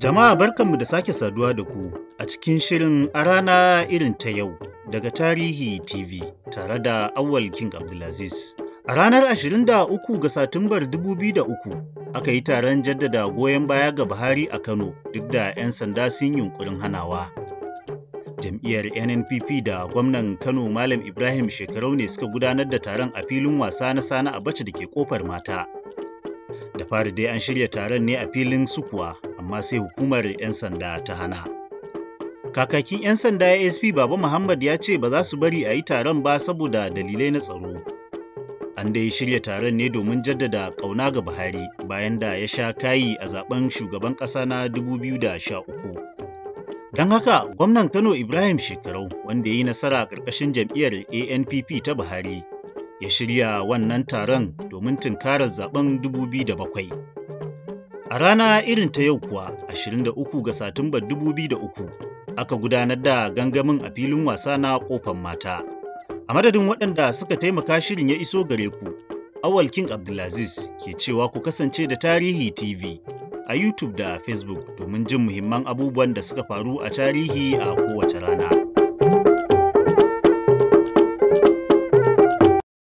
Jama'a barkanmu da sake saduwa da ku a cikin shirin a rana irin ta yau daga Tarihi TV tare da Awal King Abdulaziz. A ranar 23 ga Satumbar 2003 aka yi taron jaddada goyon baya ga Buhari a Kano duk da 'yan sanda sun yunkurin hanawa. Jam'iyyar NNPP da gwamnan Kano Malam Ibrahim Shekarau ne suka gudanar da taron a filin wasa na Sani Abacha da ke kofar mata. Da fara dai an shirya taron ne a filin Sukuwa amma sai hukumar 'yan sanda ta hana. Kakakin 'yan sanda ASP Baba Muhammad ya ce ba za su bari a yi taron ba saboda dalilai na tsaro. An dai shirya taron ne domin jaddada ƙauna ga Buhari bayan da ya sha kayi a zaben shugaban ƙasa na 2013. Don haka gwamnan Kano Ibrahim Shekarau wanda ya yi nasara a ƙarƙashin jam'iyyar ANPP ta Buhari ya shirya wannan taron domin tunkarar zaben 2007. A rana irin ta yau kuwa 23 ga Satumba 2003 aka gudanar da gangamin a filin wasa na kofan mata. A madadin waɗanda suka taimaka shirin ya iso gare ku, Awal King Abdulaziz ke cewa ku kasance da Tarihi TV a YouTube da Facebook domin jin muhimman abubuwan da suka faru a tarihi a kowace rana.